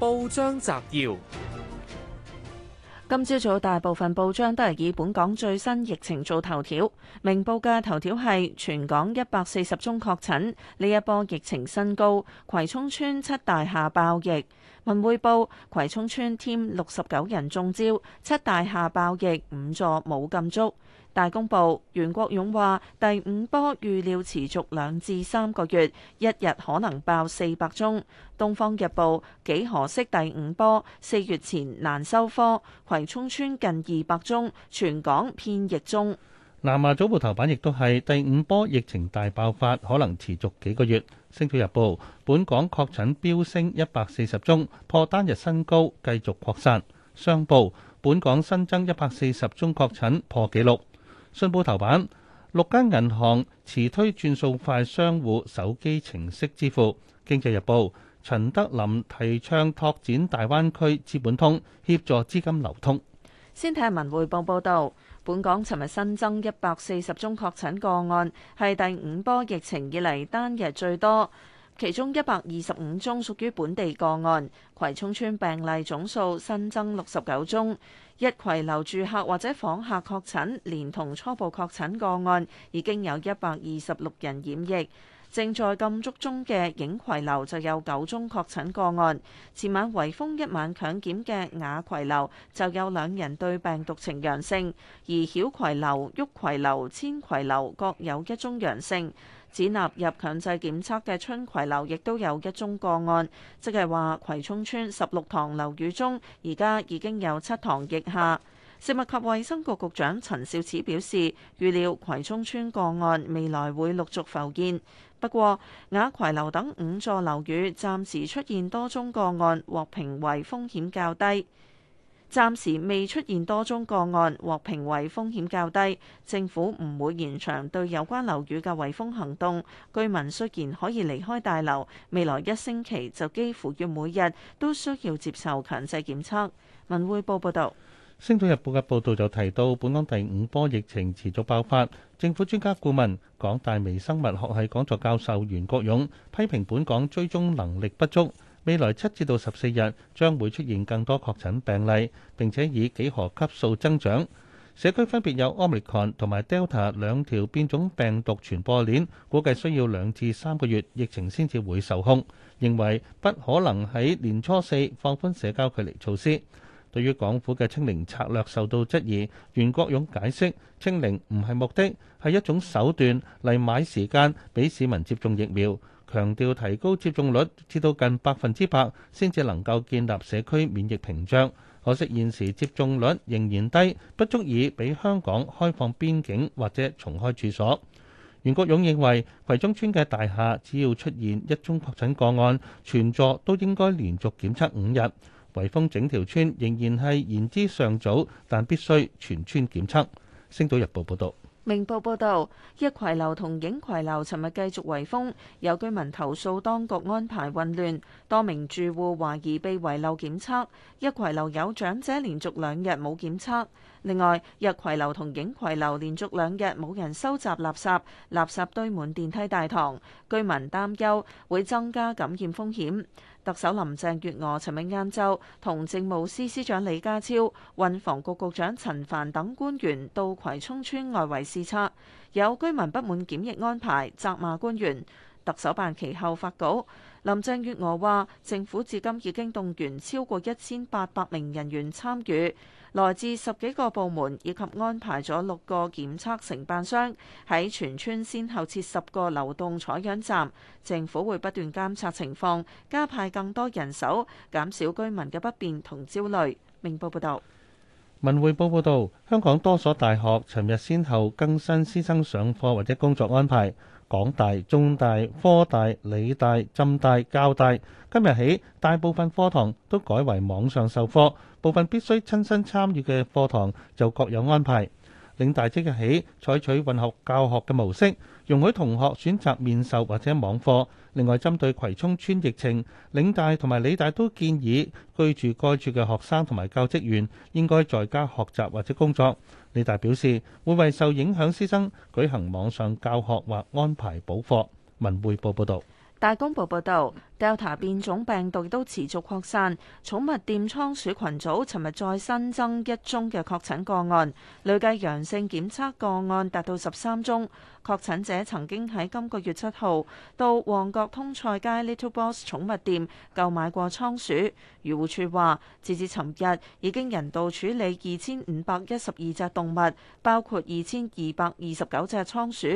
報章摘要：今朝早大部分報章都係以本港最新疫情做頭條。明報嘅頭條係全港一百四十宗確診，呢一波疫情新高，葵涌村七大廈爆疫。文匯報：葵涌村添六十九人中招，七大廈爆疫，五座冇禁足。大公報：袁國勇話第五波預料持續兩至三個月，一日可能爆四百宗。東方日報：幾何式第五波四月前難收科，葵涌村近二百宗，全港遍疫中。南華早報頭版亦都係第五波疫情大爆發，可能持續幾個月。星島日報：本港確診飆升一百四十宗，破單日新高，繼續擴散。商報：本港新增一百四十宗確診，破紀錄。信報頭版：六間銀行遲推轉數快商戶手機程式支付。經濟日報：陳德霖提倡拓展大灣區資本通，協助資金流通。先睇文匯報報道。本港尋日新增一百四十宗確診個案，係第五波疫情以嚟單日最多，其中一百二十五宗屬於本地個案。葵涌村病例總數新增六十九宗，逸葵樓住客或者訪客確診，連同初步確診個案，已經有一百二十六人染疫。正在禁足中嘅影葵樓就有九宗確診個案。前晚圍封一晚強檢嘅雅葵樓就有兩人對病毒呈陽性，而曉葵樓、旭葵樓、千葵樓各有一宗陽性。只納入強制檢測嘅春葵樓亦都有一宗個案，即係話葵涌村十六堂樓宇中，而家已經有七堂疫下。食物及衛生局局長陳肇始表示，預料葵涌村個案未來會陸續浮現。不過，雅葵樓等五座樓宇暫時出現多宗個案，或評為風險較低。暫時未出現多宗個案，獲評為風險較低。政府唔會延長對有關樓宇嘅圍封行動。居民雖然可以離開大樓，未來一星期就幾乎要每日都需要接受強制檢測。文匯報報道。《星島日報》嘅報導就提到，本港第五波疫情持續爆發，政府專家顧問、港大微生物學系講座教授袁國勇批評本港追蹤能力不足，未來七至到十四日將會出現更多確診病例，並且以幾何級數增長。社區分別有 Omicron 同埋 Delta 兩條變種病毒傳播鏈，估計需要兩至三個月疫情先至會受控，認為不可能喺年初四放寬社交距離措施。對於港府嘅清零策略受到質疑，袁國勇解釋，清零唔係目的，係一種手段嚟買時間俾市民接種疫苗。強調提高接種率至到近百分之百先至能夠建立社區免疫屏障。可惜現時接種率仍然低，不足以俾香港開放邊境或者重開住所。袁國勇認為，葵涌村嘅大廈只要出現一宗確診個案，全座都應該連續檢測五日。圍封整條村仍然係言之尚早，但必須全村檢測。星島日報報道：「明報報道，逸葵樓同映葵樓尋日繼續圍封，有居民投訴當局安排混亂，多名住戶懷疑被遺漏檢測。逸葵樓有長者連續兩日冇檢測。另外，逸葵樓同映葵樓連續兩日冇人收集垃圾，垃圾堆滿電梯大堂，居民擔憂會增加感染風險。特首林鄭月娥尋日晏晝同政務司司長李家超、運防局局長陳帆等官員到葵涌村外圍視察，有居民不滿檢疫安排，責罵官員。特首辦其後發稿，林鄭月娥話：政府至今已經動員超過一千八百名人員參與。來自十幾個部門，以及安排咗六個檢測承辦商喺全村，先後設十個流動採樣站。政府會不斷監察情況，加派更多人手，減少居民嘅不便同焦慮。明報報道。文匯報報道，香港多所大學尋日先後更新師生上課或者工作安排。港大、中大、科大、理大、浸大、交大今日起，大部分課堂都改為網上授課，部分必須親身參與嘅課堂就各有安排。嶺大即日起採取混合教學嘅模式，容許同學選擇面授或者網課。另外，針對葵涌邨疫情，嶺大同埋理大都建議居住該處嘅學生同埋教職員應該在家學習或者工作。理大表示會為受影響師生舉行網上教學或安排補課。文匯報報道，大公報報道。Delta 變種病毒亦都持續擴散，寵物店倉鼠群組尋日再新增一宗嘅確診個案，累計陽性檢測個案達到十三宗。確診者曾經喺今個月七號到旺角通菜街 Little Boss 寵物店購買過倉鼠。漁護處話，截至尋日已經人道處理二千五百一十二隻動物，包括二千二百二十九隻倉鼠。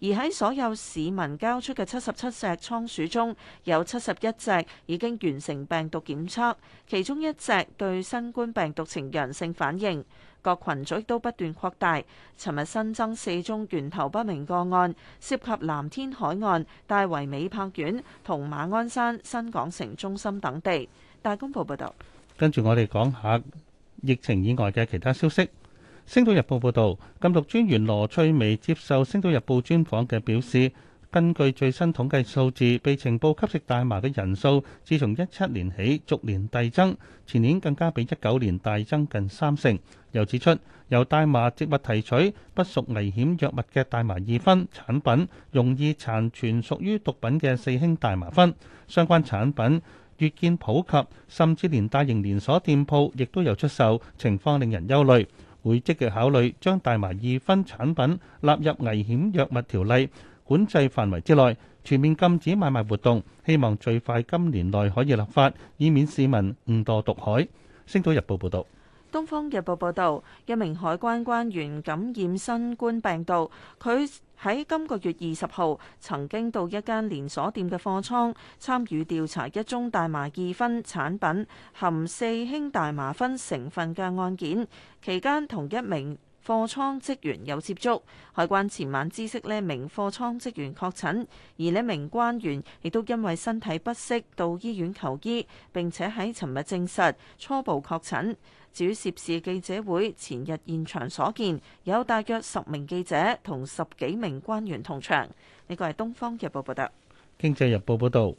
而喺所有市民交出嘅七十七隻倉鼠中，有七十一隻已經完成病毒檢測，其中一隻對新冠病毒呈陽性反應。各群組都不斷擴大。尋日新增四宗源頭不明個案，涉及藍天海岸、大圍美柏苑同馬鞍山新港城中心等地。大公報報道。跟住我哋講下疫情以外嘅其他消息。星島日報報道，禁毒專員羅翠美接受星島日報專訪嘅表示。根據最新統計數字，被呈報吸食大麻嘅人數，自從一七年起逐年遞增，前年更加比一九年大增近三成。又指出，由大麻植物提取不屬危險藥物嘅大麻二酚產品，容易殘存屬於毒品嘅四氫大麻酚。相關產品，越見普及，甚至連大型連鎖店鋪亦都有出售，情況令人憂慮。會積極考慮將大麻二酚產品納入危險藥物條例。管制範圍之內，全面禁止買賣活動，希望最快今年內可以立法，以免市民誤墮毒海。星島日報報導。東方日報報導，一名海關關員感染新冠病毒。佢喺今個月二十號曾經到一間連鎖店嘅貨倉參與調查一宗大麻二酚產品含四氫大麻酚成分嘅案件，期間同一名貨倉職員有接觸，海關前晚知悉呢名貨倉職員確診，而呢名官員亦都因為身體不適到醫院求醫，並且喺尋日證實初步確診。至於涉事記者會前日現場所見，有大約十名記者同十幾名官員同場。呢個係《東方日報》報道，《經濟日報》報道。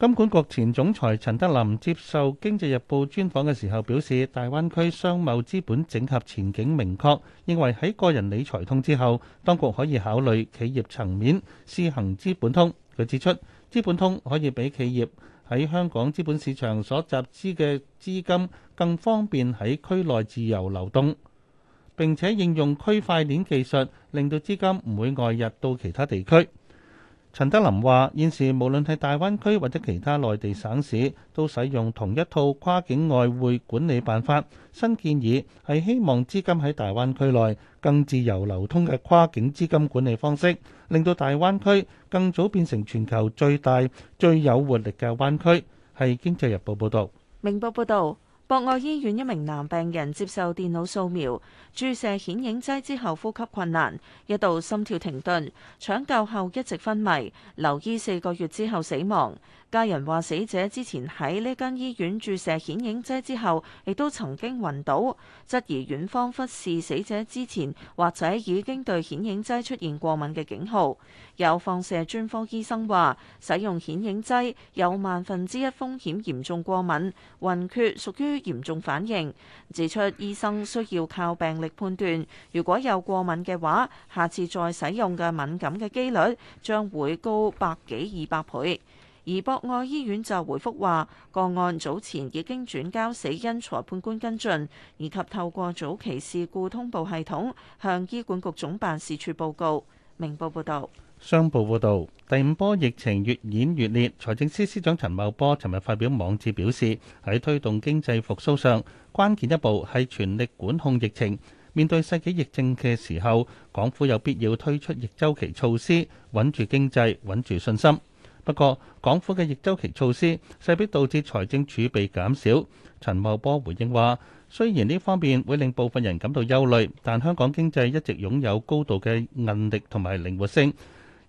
金管局前總裁陳德霖接受《經濟日報》專訪嘅時候表示，大灣區商貿資本整合前景明確，認為喺個人理財通之後，當局可以考慮企業層面試行資本通。佢指出，資本通可以俾企業喺香港資本市場所集資嘅資金更方便喺區內自由流動，並且應用區塊鏈技術，令到資金唔會外溢到其他地區。陳德霖話：現時無論係大灣區或者其他內地省市，都使用同一套跨境外匯管理辦法。新建議係希望資金喺大灣區內更自由流通嘅跨境資金管理方式，令到大灣區更早變成全球最大、最有活力嘅灣區。係《經濟日報》報道，《明報》報道。博愛醫院一名男病人接受電腦掃描、注射顯影劑之後呼吸困難，一度心跳停頓，搶救後一直昏迷，留醫四個月之後死亡。家人話：死者之前喺呢間醫院注射顯影劑之後，亦都曾經暈倒，質疑院方忽視死者之前或者已經對顯影劑出現過敏嘅警號。有放射專科醫生話：使用顯影劑有萬分之一風險嚴重過敏、暈厥，屬於嚴重反應。指出醫生需要靠病歷判斷，如果有過敏嘅話，下次再使用嘅敏感嘅機率將會高百幾二百倍。而博愛醫院就回覆話，個案早前已經轉交死因裁判官跟進，以及透過早期事故通報系統向醫管局總辦事處報告。明報報道。商報報道，第五波疫情越演越烈。財政司司，司長陳茂波尋日發表網誌表示，喺推動經濟復甦上，關鍵一步係全力管控疫情。面對世紀疫症嘅時候，港府有必要推出逆，逆週期措施，穩住經濟，穩住信心。不過，港府嘅逆周期措施勢必導致財政儲備減少。陳茂波回應話：雖然呢方面會令部分人感到憂慮，但香港經濟一直擁有高度嘅韌力同埋靈活性。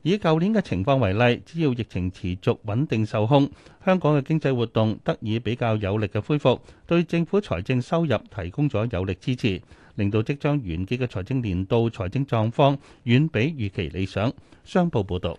以舊年嘅情況為例，只要疫情持續穩定受控，香港嘅經濟活動得以比較有力嘅恢復，對政府財政收入提供咗有力支持，令到即將完結嘅財政年度財政狀況遠比預期理想。商報報導。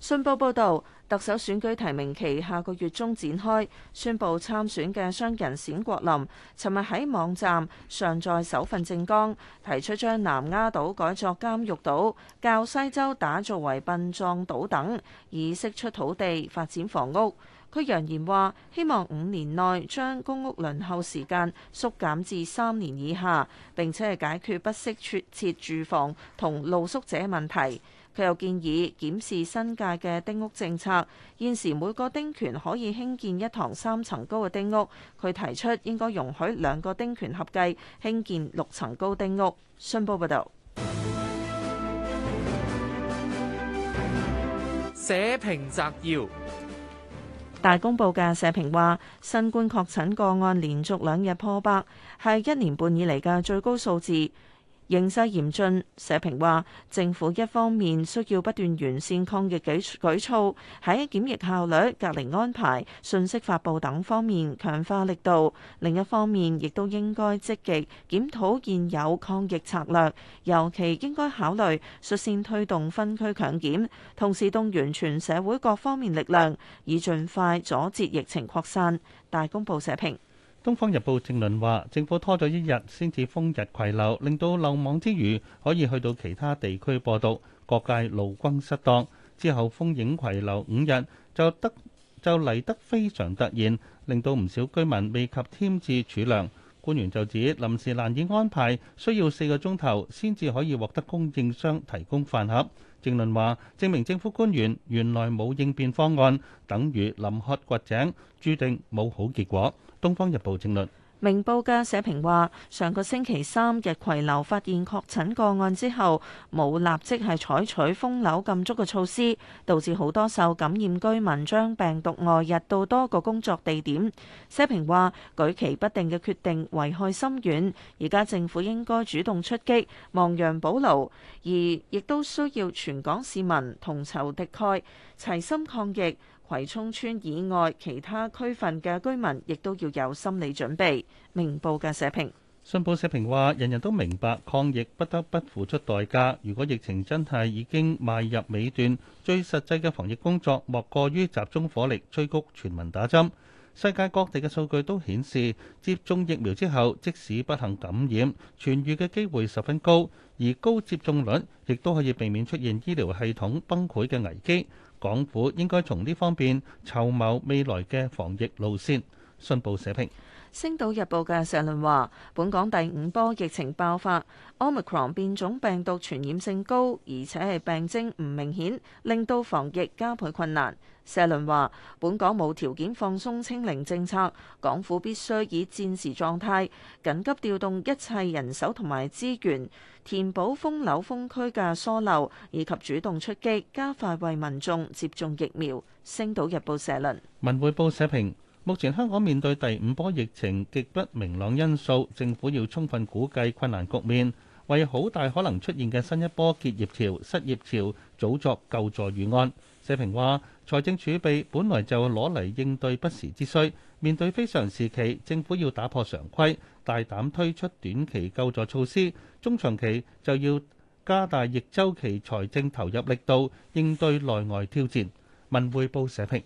信報報導，特首選舉提名期下個月中展開。宣布參選嘅商人冼國林，尋日喺網站上載首份政綱，提出將南丫島改作監獄島、教西洲打造為殯葬島等，以釋出土地發展房屋。佢揚言話，希望五年內將公屋輪候時間縮減至三年以下，並且係解決不適切設住房同露宿者問題。佢又建議檢視新界嘅丁屋政策，現時每個丁權可以興建一堂三層高嘅丁屋，佢提出應該容許兩個丁權合計興建六層高丁屋。信報報道。社評摘要：大公報嘅社評話，新冠確診個案連續兩日破百，係一年半以嚟嘅最高數字。形勢嚴峻，社評話：政府一方面需要不斷完善抗疫舉舉措，喺檢疫效率、隔離安排、信息發布等方面強化力度；另一方面，亦都應該積極檢討現有抗疫策略，尤其應該考慮率先推動分區強檢，同時動員全社會各方面力量，以盡快阻截疫情擴散。大公報社評。《東方日報》正論話，政府拖咗一日先至封逸葵樓，令到漏網之魚可以去到其他地區播毒，各界勞軍失當。之後封映葵樓五日，就得就嚟得非常突然，令到唔少居民未及添置儲糧。官員就指臨時難以安排，需要四個鐘頭先至可以獲得供應商提供飯盒。政論話，證明政府官員原來冇應變方案，等於臨渴掘井，註定冇好結果。《東方日報》政論。明報嘅社評話：上個星期三逸葵樓發現確診個案之後，冇立即係採取封樓禁足嘅措施，導致好多受感染居民將病毒外溢到多個工作地點。社評話：舉棋不定嘅決定危害深遠，而家政府應該主動出擊，亡羊補牢，而亦都需要全港市民同仇敵愾，齊心抗疫。葵涌村以外其他區份嘅居民亦都要有心理準備。明報嘅社評，信報社評話：人人都明白抗疫不得不付出代價。如果疫情真係已經邁入尾段，最實際嘅防疫工作莫過於集中火力追谷全民打針。世界各地嘅數據都顯示，接種疫苗之後，即使不幸感染，痊愈嘅機會十分高，而高接種率亦都可以避免出現醫療系統崩潰嘅危機。港府應該從呢方面籌謀未來嘅防疫路線。信報社評。《星島日報》嘅社論話：本港第五波疫情爆發，Omicron 變種病毒傳染性高，而且係病徵唔明顯，令到防疫加倍困難。社論話：本港冇條件放鬆清零政策，港府必須以戰時狀態緊急調動一切人手同埋資源，填補封樓封區嘅疏漏，以及主動出擊，加快為民眾接種疫苗。《星島日報》社論，《文匯報》社評。目前香港面對第五波疫情極不明朗因素，政府要充分估計困難局面，為好大可能出現嘅新一波結業潮、失業潮早作救助預案。社評話：財政儲備本來就攞嚟應對不時之需，面對非常時期，政府要打破常規，大膽推出短期救助措施，中長期就要加大逆週期財政投入力度，應對內外挑戰。文匯報社評。